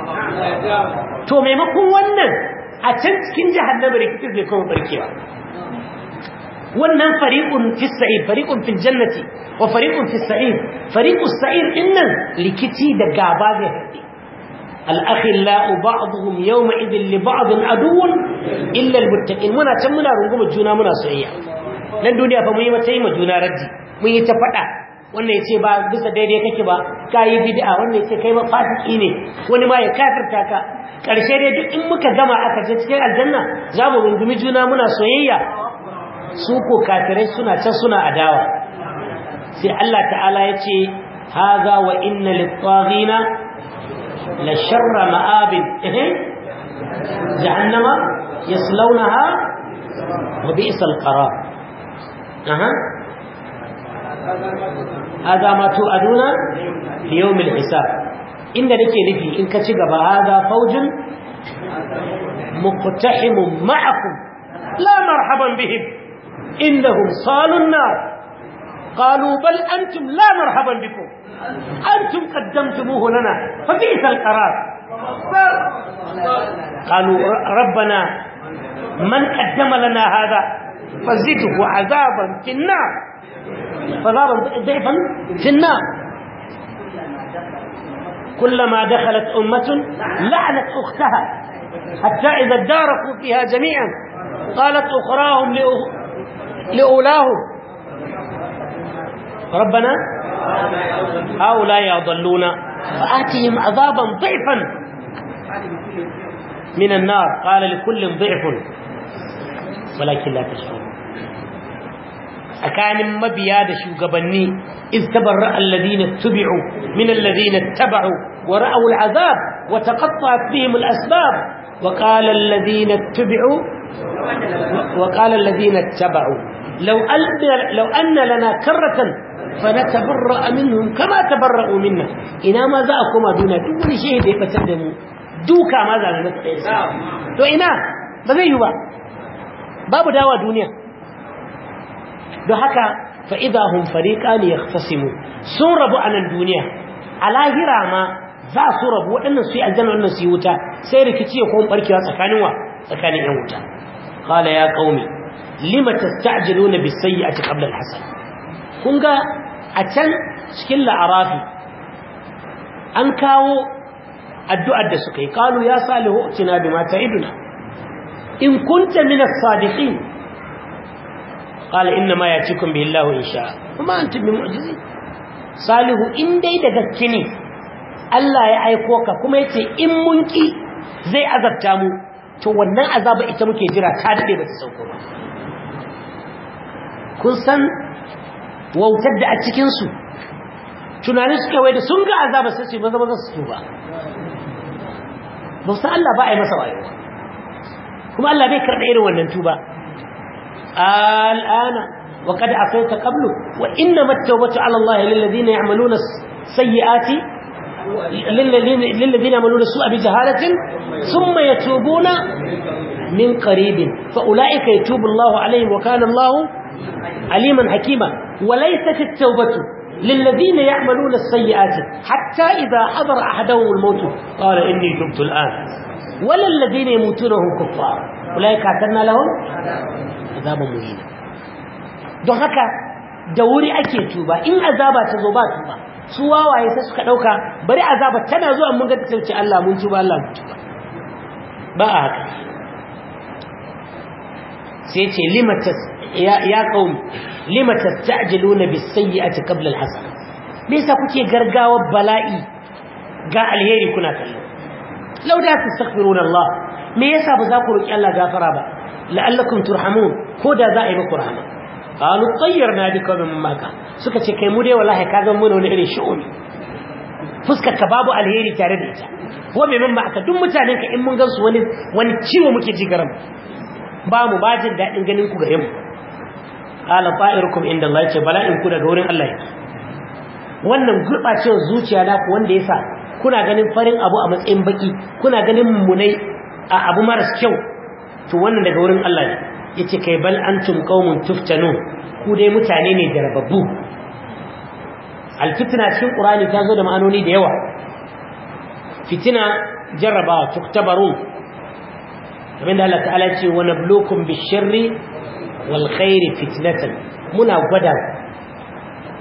to maimakon wannan a can cikin jahannama rikici zai kuma barkewa wannan fariqun fi sa'ir fariqun fil jannati wa fariqun fi sa'ir fariqus sa'ir innan rikici da gaba zai haɗe الأخلاء بعضهم يومئذ لبعض عدو إلا المتقين منا muna منا رغم جونا منا سويا لن دنيا فمي متي ما جونا ردي mun yi ta fada wannan yace ba bisa daidai kake ba kai bid'a wannan yace kai ma fasiki ne wani ma ya kafirta ka karshe dai duk in muka gama aka je cikin aljanna za mu rungumi juna muna soyayya su ko kafirai suna can suna adawa sai Allah ta'ala ya ce haza wa inna littagina la sharra ma'abin jahannama yaslawnaha wa bi'sal qarar aha هذا ما تؤدون في يوم الحساب inda nake nufi in ka ci gaba hada faujin muqtahimun ma'akum la marhaban bihim innahum salun nar قالوا بل أنتم لا مرحبا بكم أنتم قدمتموه لنا فبئس القرار قالوا ربنا من قدم لنا هذا فزده عذابا في النار فضرب ضعفا في النار كلما دخلت أمة لعنت أختها حتى إذا اداركوا فيها جميعا قالت أخراهم لأولاهم ربنا هؤلاء يضلون فآتهم عذابا ضعفا من النار قال لكل ضعف ولكن لا تشعرون أكان بياد شو قبني إذ تبرأ الذين اتبعوا من الذين اتبعوا ورأوا العذاب وتقطعت بهم الأسباب وقال الذين اتبعوا وقال الذين اتبعوا لو أن, لو أن لنا كرة فنتبرأ منهم كما تبرأوا منا إنا ما زأكما بنا دون شيء دي دوكا ما زال نعم. تو إنا بذيه با باب دعوة دنيا دوحكا فإذا هم فريقان يختصموا سن عن الدنيا على هرا za su rabu waɗannan su yi aljanna wannan su yi wuta sai rikici ya kuma barkewa tsakanin wa tsakanin yan wuta qala ya qaumi lima ta tasta'jiluna bis a qabla al Hassan. kun ga a can cikin la'arafi an kawo addu'ar da suka yi qalu ya salihu tina mata iduna. in kunta min as-sadiqin qala inna ma yatikum bihi Allahu in sha'a kuma antum bi mu'jizin salihu in dai da gaske ne Allah ya aiko ka kuma yace in mun ki zai azabta mu to wannan azaba ita muke jira ta dade ba ta sauko ba kun san wautar da a cikin su tunanin suke wai da sun ga azaba sai su maza maza su tuba ba san Allah ba a yi masa wayo kuma Allah bai karɓa irin wannan tuba al'ana wa وقد عصيت قبل وإنما التوبة على الله للذين يعملون السيئات للذين عملوا السوء بجهالة ثم يتوبون من قريب فأولئك يتوب الله عليهم وكان الله عليما حكيما وليست التوبة للذين يعملون السيئات حتى إذا حضر أحدهم الموت قال إني تبت الآن ولا الذين يموتون هم كفار أولئك اعتدنا لهم عذابا مهينا don haka da wuri ake tuba in azaba ta zo ba tuba su wawaye sai suka dauka bari azaba tana zuwa mun ga tsalci Allah mun tuba Allah mun tuba ba a haka sai ce limatas ya ya qaum limatas ta'jiluna bis sayyi'ati qabla al hasana me yasa kuke gargawa bala'i ga alheri kuna kallo law da tastaghfiruna Allah me yasa ba za ku roki Allah gafara ba la'allakum turhamun ko da za a yi muku rahama qalu tayyarna bikum mimma kana suka ce kai mu dai wallahi ka zama mana wani irin shu'uni. fuskar ka babu alheri tare da ita Ko mai mamma aka duk mutanen ka in mun gansu wani wani ciwo muke ji garan ba mu ba jin daɗin ganin ku gare mu fa'irukum inda Allah ce in ku daga wurin Allah yake wannan gurbacewar zuciya na ku wanda yasa kuna ganin farin abu a matsayin baki kuna ganin munai a abu maras kyau to wannan daga wurin Allah ne yace kai bal antum qaumun tuftanu ku dai mutane ne jarababbu Alfitina cikin ƙur'ani ta zo da ma'anoni da yawa fitina jarrabawa tuktabarun abin da Allah ta'ala ce wa nablukum bisharri wal khairi fitnatan muna gwada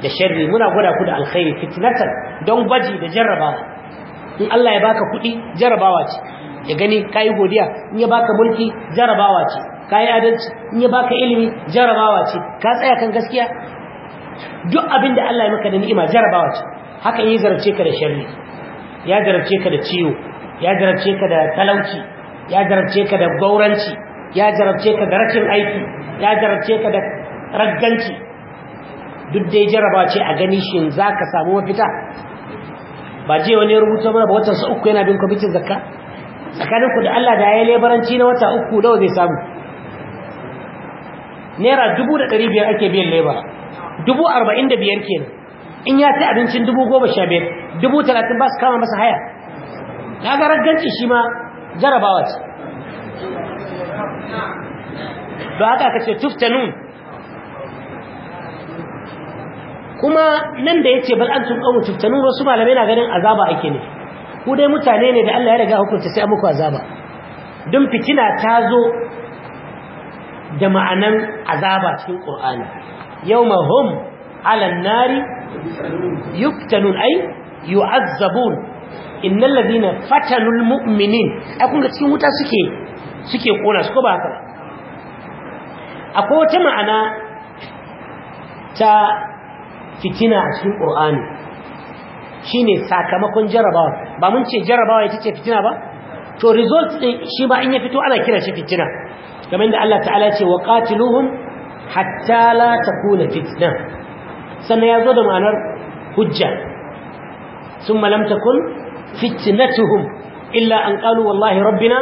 da sharri muna gwada ku da alkhairi fitnatan don gwaji da jarrabawa in Allah ya baka kuɗi jarrabawa ce ya gani kayi godiya in ya baka mulki jarrabawa ce kayi adalci in ya baka ilimi jarrabawa ce ka tsaya kan gaskiya duk abin da Allah ya maka da ni'ima jarabawa ce haka yi zarce ka da sharri ya zarce ka da ciwo ya zarce ka da talauci ya zarce ka da gauranci ya zarce ka da rashin aiki ya zarce ka da ragganci duk dai jarabawa ce a gani shi za ka samu mafita ba je wani rubuta mana ba watan sa uku yana bin kwamitin zakka tsakaninku da Allah da ya yi lebaranci na wata uku nawa zai samu naira dubu da ɗari biyar ake biyan lebara dubu arba'in da biyar kenan in ya ci abincin dubu goma sha biyar dubu talatin ba su kama masa haya na ga ragganci shi ma jarabawa ce ba haka ka ce tuftanun kuma nan da ya ce bal'antun an tun nun wasu malamai na ganin azaba ake ne ku dai mutane ne da Allah ya riga hukunta sai muku azaba don fitina ta zo da ma'anan azaba cikin ƙur'ani yawma hum ala nari yuftanun ay yu'azzabun innal ladina fatanul mu'minin ai kun ga cikin wuta suke suke kona su ko ba haka akwai wata ma'ana ta fitina a cikin qur'ani shine sakamakon jarabawa ba mun ce jarabawa ita ce fitina ba to result din shi ba in ya fito ana kira shi fitina kamar da Allah ta'ala ce wa qatiluhum hatta la takuna fitna sannan ya zo da ma'anar hujja summa lam takun fitnatuhum illa an qalu wallahi rabbina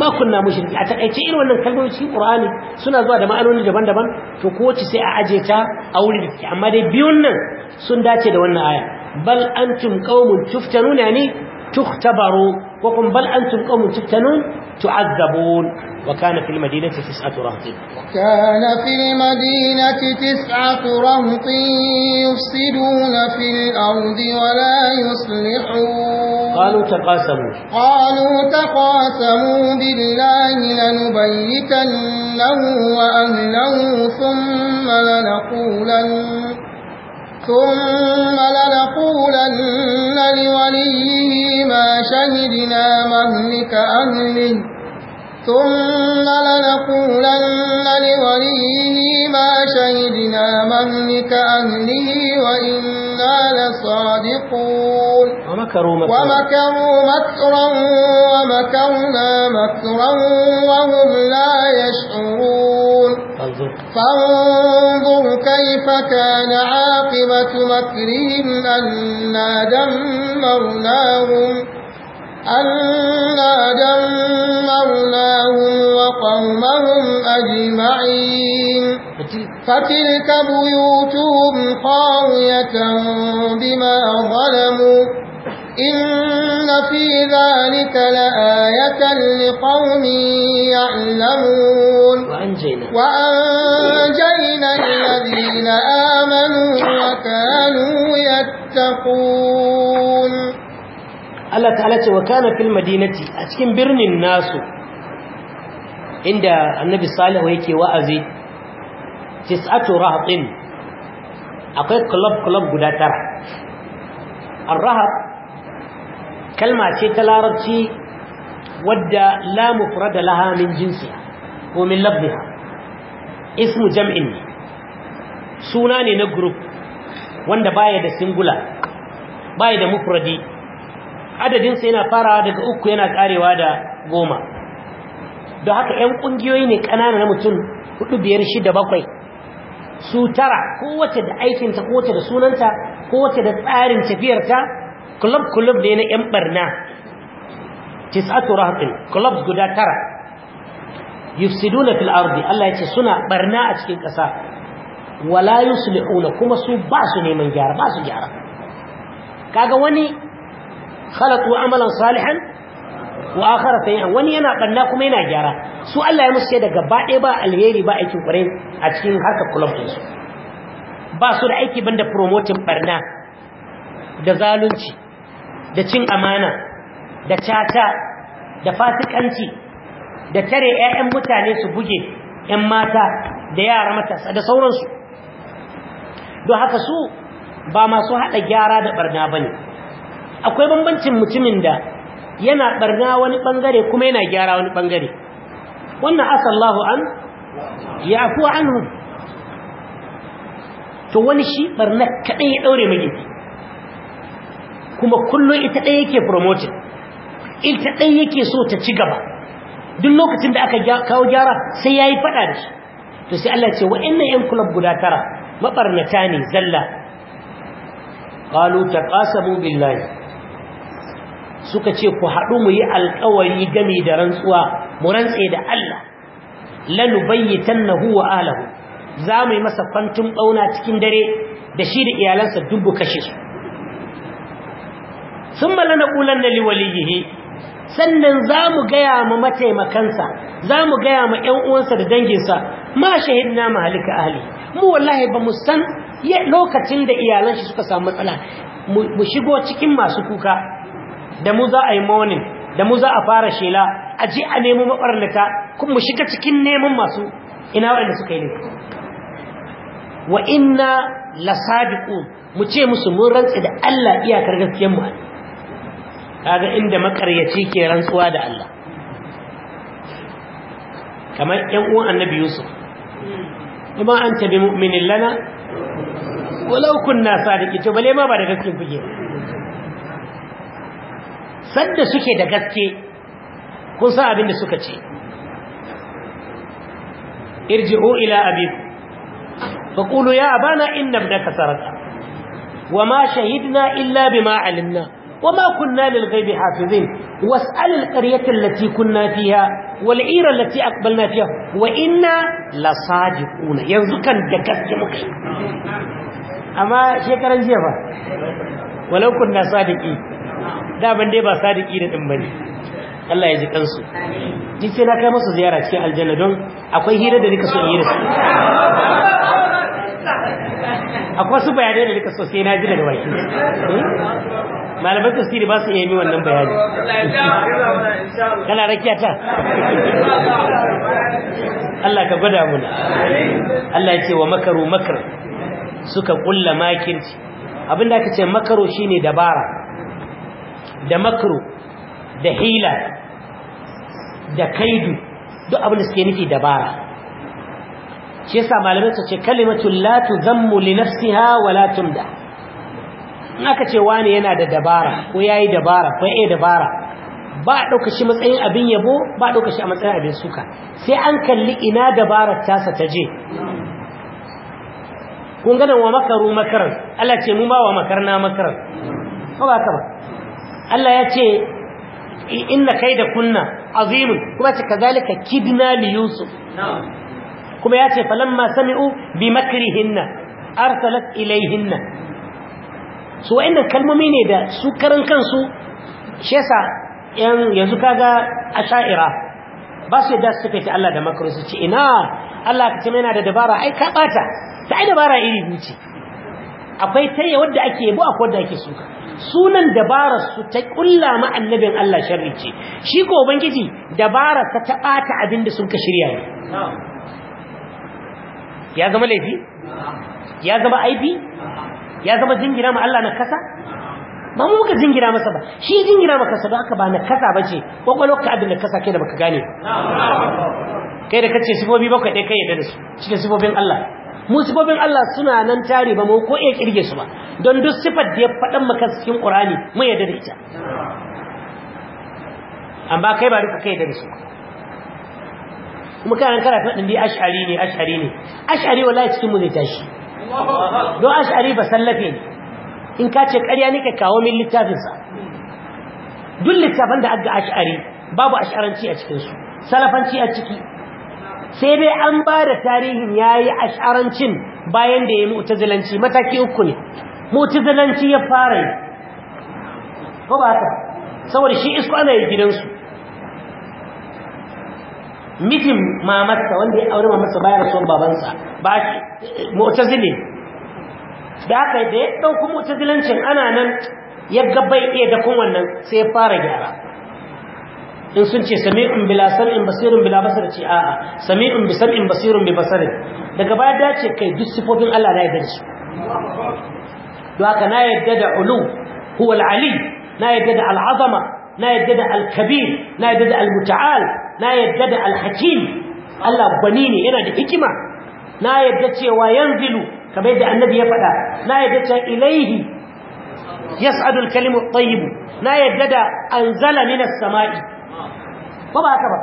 ma kunna mushriki a takaice irin wannan kalmomi cikin qur'ani suna zuwa da ma'anoni daban-daban to kowace sai a aje ta a wuri da take amma dai biyun nan sun dace da wannan aya bal antum qaumun tuftanuna ne tuktabaru وقم بل أنتم قوم تفتنون تعذبون وكان في المدينة تسعة رهط وكان في المدينة تسعة رهط يفسدون في الأرض ولا يصلحون قالوا تقاسموا قالوا تقاسموا بالله لنبيتنه وأهله ثم لنقولن ثم لنقولن لوليه ما شهدنا مهلك أهله ثم لنقولن لوليه ما شهدنا مهلك أهله وإنا لصادقون ومكروا مكرا ومكرنا مكرا وهم لا يشعرون فانظر كيف كان عاقبة مكرهم أنا دمرناهم أنا دمرناهم قومهم أجمعين فتلك بيوتهم خاوية بما ظلموا إن في ذلك لآية لقوم يعلمون وأنجينا, وأنجينا الذين آمنوا وكانوا يتقون الله تعالى وكان في المدينة fil برن الناس inda annabi salihu yake wa'azi tis'atu rahatin akwai club club guda tara ar kalma ce ta larabci wadda la mufrada laha min jinsiha ko min ismu jam'in suna ne na group wanda baya da singular baya da mufradi adadin sa yana farawa daga uku yana karewa da goma da haka 'yan ƙungiyoyi ne ƙanana na mutum hudu biyar shida bakwai su tara kowace da aikinta kowace da sunanta kowace da tsarin tafiyarta club-club ne na 'yan barna tis'atu rahatin club guda tara yufsiduna fil ardi Allah ya ce suna barna a cikin ƙasa su yuslihuna kuma su ba su neman gyara ba su gyara kaga wani khalatu amalan salihan wa akhara an wani yana banna kuma yana gyara su Allah ya musu daga daga ɗaya ba alheri ba aikin kurai a cikin harkar club din su ba su da aiki banda promoting barna da zalunci da cin amana da caca da fasikanci da tare ƴaƴan mutane su buge ƴan mata da yara matasa da sauransu don haka su ba masu haɗa gyara da barna bane akwai bambancin mutumin da yana barna wani bangare kuma yana gyara wani bangare wannan asallahu an yafu anhu to wani shi barna kadai ya daure magidanci kuma kullum ita ɗaya yake promoting ita ɗaya yake so ta ci gaba duk lokacin da aka kawo gyara sai ya yi faɗa da shi to sai Allah ce wa'annan 'yan kulab guda tara maɓarnata ne zalla ƙalu ta ƙasamu suka ce ku haɗu mu yi alƙawari game da rantsuwa mu rantse da Allah lanubayyitannahu wa alahu za mu yi masa fantin ɓauna cikin dare da shi da iyalansa dubu kashe su thumma lanaqulanna liwaliyihi sannan za mu gaya ma mataimakansa za mu gaya ma 'yan uwansa da danginsa ma shahidna mahalika ahli mu wallahi ba mu san lokacin da iyalan shi suka samu matsala mu shigo cikin masu kuka da mu za a yi morning da mu za a fara shela a ji a nemo mabarnata kuma mu shiga cikin neman masu ina waɗanda suka yi ne wa inna lasadiqun mu ce musu mun rantsa da Allah iyakar gaskiyar mu kaga inda makaryaci ke rantsuwa da Allah kamar 'yan uwan annabi Yusuf kuma an tabi mu'minin lana walau kunna sadiki to bale ma ba da gaskiyar kuke san suke da gaske kun san abin da suka ce irji'u ila abiku fa qulu ya abana inna ibnaka sarqa wama shahidna illa bima 'alimna wama kunna lil ghaibi hafizin was'al al qaryata allati kunna fiha wal 'ira allati aqbalna fiha wa inna lasadiquna yanzu kan da gaske muke amma shekaran jiya fa walau kunna sadiqin daban dai ba sadiki da din bane Allah ya ji kansu duk sai na kai musu ziyara cikin aljanna don akwai hira da nika so yi da su akwai su bayanai da nika so sai na ji daga baki hmm? malaman tasiri ba su iya yi wannan bayani kana rakiya ta Allah ka gwada muna Allah ya ce wa makaru makar suka kulla makirci abinda aka ce makaro shine dabara da makro da hila da kaidu duk abin da suke nufi dabara shi yasa malamai su ce kalimatu la tuzammu li nafsiha wa la tumda in aka ce wani yana da dabara ko yayi dabara ko yayi dabara ba a ɗauka shi matsayin abin yabo ba a shi a matsayin abin suka sai an kalli ina dabarar sa ta je kun ganin wa makaru makarar Allah ce mu ba wa makarna makarar ba ba ka ba Allah ya ce inna kai da kunna azimun kuma ce kazalika kidna li yusuf kuma ya ce falamma sami'u bi makrihinna arsalat ilayhinna su wa'annan kalmomi ne da su karan kansu shi yasa yanzu kaga asha'ira ba su yadda suka Allah da makaru su ce ina Allah ka ce yana da dabara ai ka bata ta dabara iri biyu ce akwai taya wadda ake bu akwai wadda ake suka sunan dabarar su ta kulla ma annabin Allah sharri ce shi ko ubangiji dabarar ta ta bata abin da sun ka shirya ne ya zama laifi ya zama aibi ya zama jingira ma Allah na kasa ba mu muka jingira masa ba shi jingira maka sa aka ba na kasa bace kwakwalwar ka abin da kasa kai da baka gane kai da kace sifofi bakwai dai kai yadda da su shi da sifofin Allah musibobin Allah suna nan tare ba mu ko iya kirge su ba don duk sifar da ya faɗan maka cikin Qur'ani mu yarda da ita amma kai ba duka kai yarda da su kuma kana karatu din dai ash'ari ne ash'ari ne ash'ari wallahi cikin mu zai tashi don ash'ari ba sallafe ne in ka ce ƙarya ne ka kawo min littafinsa duk littafin da aka ash'ari babu ash'aranci a cikinsu salafanci a ciki sai dai an ba da tarihin ya yi ash'arancin bayan da ya yi mutazilanci mataki uku ne mutazilanci ya fara yi ko ba ta saboda shi isko ana yi gidansu mitin mamarsa wanda ya aure mamarsa bayan son babansa ba mutazilin da aka da ya ɗauku mutazilancin ana nan ya gabai iya dakon wannan sai ya fara gyara in sun ce sami'un bila sam'in basirun bila basar ce a'a sami'un bi sam'in basirun bi basarin daga baya dace kai duk sifofin Allah na yarda shi don haka na yadda da ulu huwa al-ali na yadda da al-azama na yadda da al-kabir na yadda da al-muta'al na yadda da al-hakim Allah bani ne yana da hikima na yadda cewa yanzilu kamar yadda annabi ya faɗa na yadda cewa ilaihi yas'adul kalimu at-tayyib na yadda da anzala minas sama'i ba ba haka ba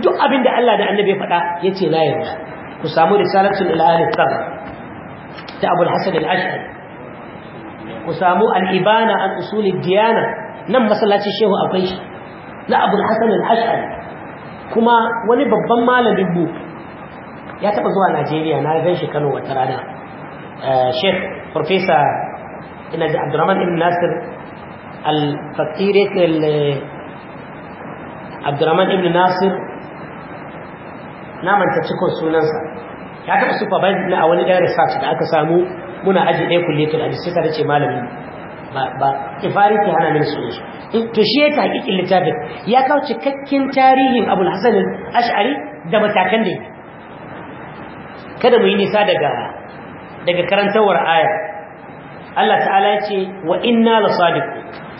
duk abin da Allah da annabi ya faɗa ya ce na yarda ku samu risalatul ilahi tsar ta abul hasan al-ash'ari ku samu al-ibana an usul diyana nan masallacin shehu akwai shi na abul hasan al-ash'ari kuma wani babban malamin mu ya taba zuwa Najeriya na gan shi Kano wata rana eh, Sheikh Professor ina ji Abdurrahman Ibn Nasir al-Fakir abdurrahman ibn nasir na manta cikon sunansa ya taɓa supervisor na a wani ɗan research da aka samu muna aji ɗaya kulletul hadis sai ka ce malamin ba kifari ke hana mini sunan shi to shi ya hakikin littafin ya kawo cikakken tarihin abul hasan ash'ari da matakan da kada mu yi nisa daga daga karantawar aya Allah ta'ala ya ce wa inna la sadiq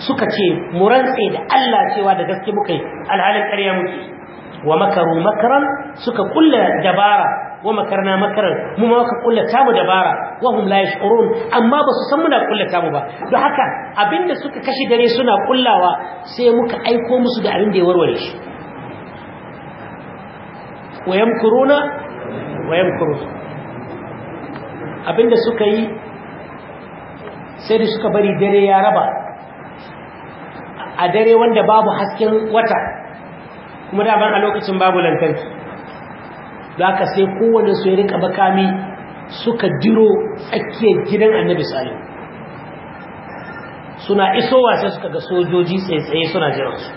suka ce mu rantse da Allah cewa da gaske muka yi alhalin ƙarya muke wa makaru makaran suka kulla dabara wa makarna makaran mu ma ka kulla tamu dabara wa hum la yash'urun amma ba su san muna kulla mu ba don haka abinda suka kashi dare suna kullawa sai muka aiko musu da abin da ya warware shi wa yamkuruna wa yamkuruna abinda suka yi sai da suka bari dare ya raba a dare wanda babu hasken wata kuma daban a lokacin babu lantarki za ka sai kowane su ya makami suka jiro tsakiyar gidan annabi salim suna isowa sai suka ga sojoji tsaye suna jiransu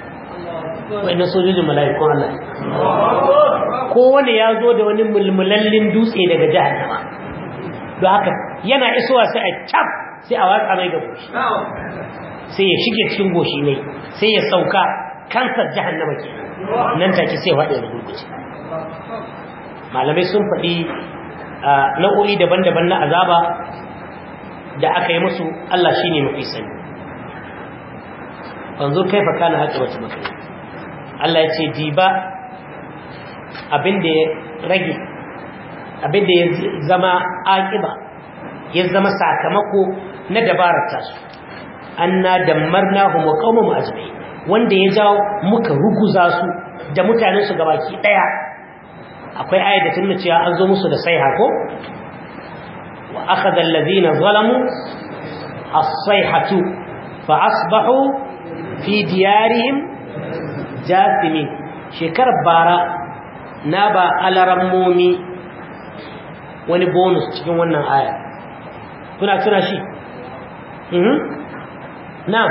wadda sojojin mala'ikun Allah kowane ya zo da wani mulmulallin dutse daga nama. don haka yana isowa sai a cap sai a watsa mai da goshi sai ya shige cikin goshi ne sai ya sauka kansar jahannama ke nan take sai waɗe da gurguje malamai sun faɗi nau'o'i daban-daban na azaba da aka yi musu Allah shi ne mafi sani wanzu kai fa kana haka wata mafi Allah ya ce diba abin ya rage abin ya zama aƙiba ya zama sakamako na dabarar tasu anna dammarnahum wa qaumum ajma'in wanda ya jawo muka ruguza su da mutanen su gabaki daya akwai ayat da tunna cewa an zo musu da saiha ko wa akhadha alladhina zalamu as-sayhatu fa asbahu fi diyarihim jathimin shekarar bara na ba alarammomi wani bonus cikin wannan aya kuna tuna shi mhm. na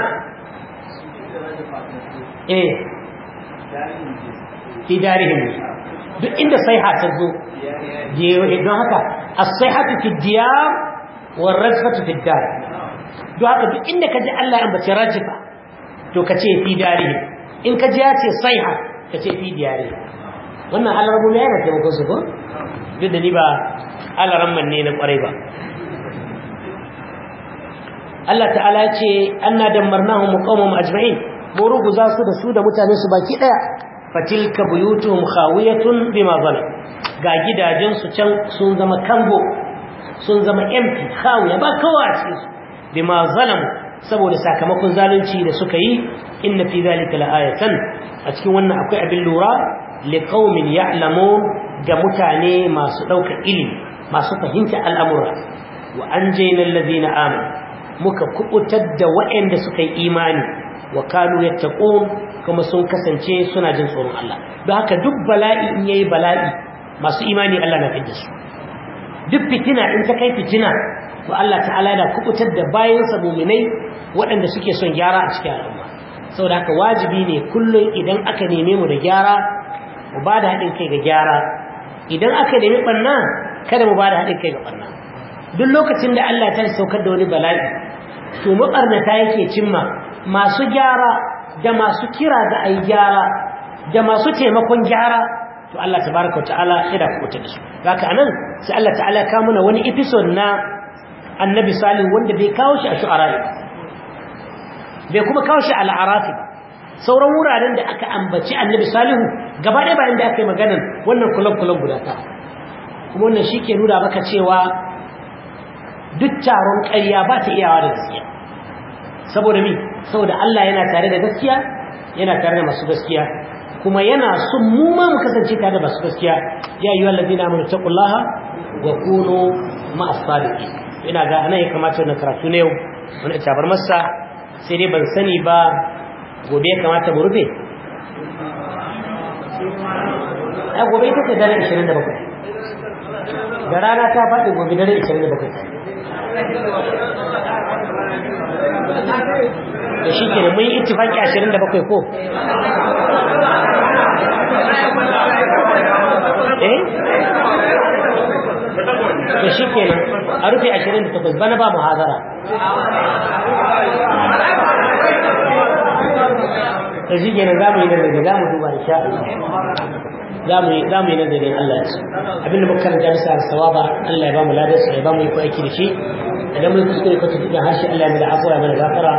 eh fi darihim duk inda saiha ta zo don haka as-saihatu fi diyar wa rajfatu fi dar don haka duk inda kaji Allah an bace rajfa to kace fi darihim in kaji ya ce saiha kace fi diyarihim wannan alarbu ne yana taimakon su ko duk da ni ba alaran manne na kwarai ba Allah ta'ala ya ce anna dammarnahum qawmum ajma'in murugu za su da su da mutane su baki daya fatilka buyutuhum khawiyatun bima zalam ga gidajen su can sun zama kango sun zama empty khawiya ba kowa ce bima zalam saboda sakamakon zalunci da suka yi inna fi zalika la'ayatan a cikin wannan akwai abin lura liqaumin ya'lamun ga mutane masu daukar ilimi masu fahimta al'amura wa anjayna allazina amanu muka kubutar da waɗanda suka yi imani wa kanu yattaqun kuma sun kasance suna jin tsoron Allah don haka duk bala'i in yayi bala'i masu imani Allah na fidda su duk fitina in ta kai fitina to Allah ta'ala yana kubutar da bayansa muminai waɗanda suke son gyara a cikin al'umma saboda haka wajibi ne kullum idan aka neme mu da gyara mu ba da haɗin kai ga gyara idan aka nemi ɓanna kada mu ba da haɗin kai ga ɓanna duk lokacin da Allah ta saukar da wani bala'i to mabarnata yake cimma masu gyara da masu kira da ai gyara da masu taimakon gyara to Allah tabaraka ta'ala ya kuta da su haka anan sai Allah ta'ala ka muna wani episode na Annabi Salih wanda bai kawo shi a shu'ara bai kuma kawo shi al'arafi sauran wuraren da aka ambaci Annabi Salihu gaba ɗaya bayan da aka yi maganar wannan kullum kullum guda ta kuma wannan ke nuna maka cewa duk taron ƙarya ba ta iyawa da gaskiya saboda mi saboda Allah yana tare da gaskiya yana tare da masu gaskiya kuma yana son mu ma mu kasance tare da masu gaskiya ya yi ayyuhal na amanu taqullaha wa kunu ma'as sadiqin ina ga anan ya kamata na karatu ne yau wani tabar masa sai dai ban sani ba gobe ya kamata mu rufe a gobe ita ce dare 27 da rana ta faɗi gobe dare 27 da shi ke mun yi itifaki ashirin da bakwai ko eh da shi ke a rufe ashirin da takwas bana ba muhazara da shi ke za mu yi da daga za mu duba insha Allah za mu yi nazarin Allah ce abinda muka karanta bisa sawaba Allah ya ba mu ladarsa ya ba mu yi aiki da shi idan mun kuskure ko tuntuɓe harshe Allah ya mu da afuwa ya mana gafara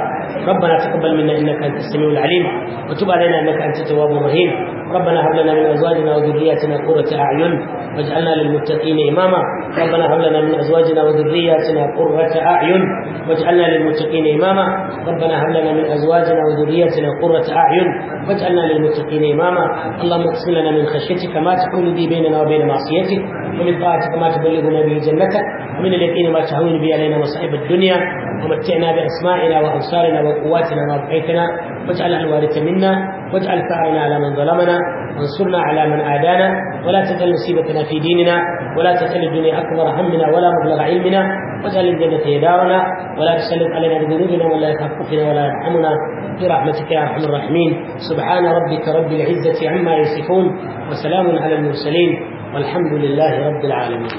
ربنا تقبل منا انك انت السميع العليم وتب علينا انك انت التواب الرحيم ربنا هب لنا من ازواجنا وذرياتنا قرة اعين واجعلنا للمتقين إماما ربنا هب لنا من أزواجنا وذرياتنا قرة أعين واجعلنا للمتقين إماما ربنا هب لنا من أزواجنا وذرياتنا قرة أعين واجعلنا للمتقين إماما اللهم اقسم لنا من خشيتك ما تحول به بيننا وبين معصيتك ومن طاعتك ما تبلغنا به جنتك ومن اليقين ما تهون به علينا مصائب الدنيا ومتعنا بأسمائنا وأبصارنا وقواتنا ما أبقيتنا واجعل الوارث منا واجعل ثارنا على من ظلمنا وانصرنا على من عادانا ولا تجعل مصيبتنا في ديننا ولا تجعل الدنيا اكبر همنا ولا مبلغ علمنا واجعل الجنه هي دارنا ولا تسلط علينا بذنوبنا ولا يخاف ولا يرحمنا برحمتك يا ارحم الراحمين سبحان ربك رب العزه عما يصفون وسلام على المرسلين والحمد لله رب العالمين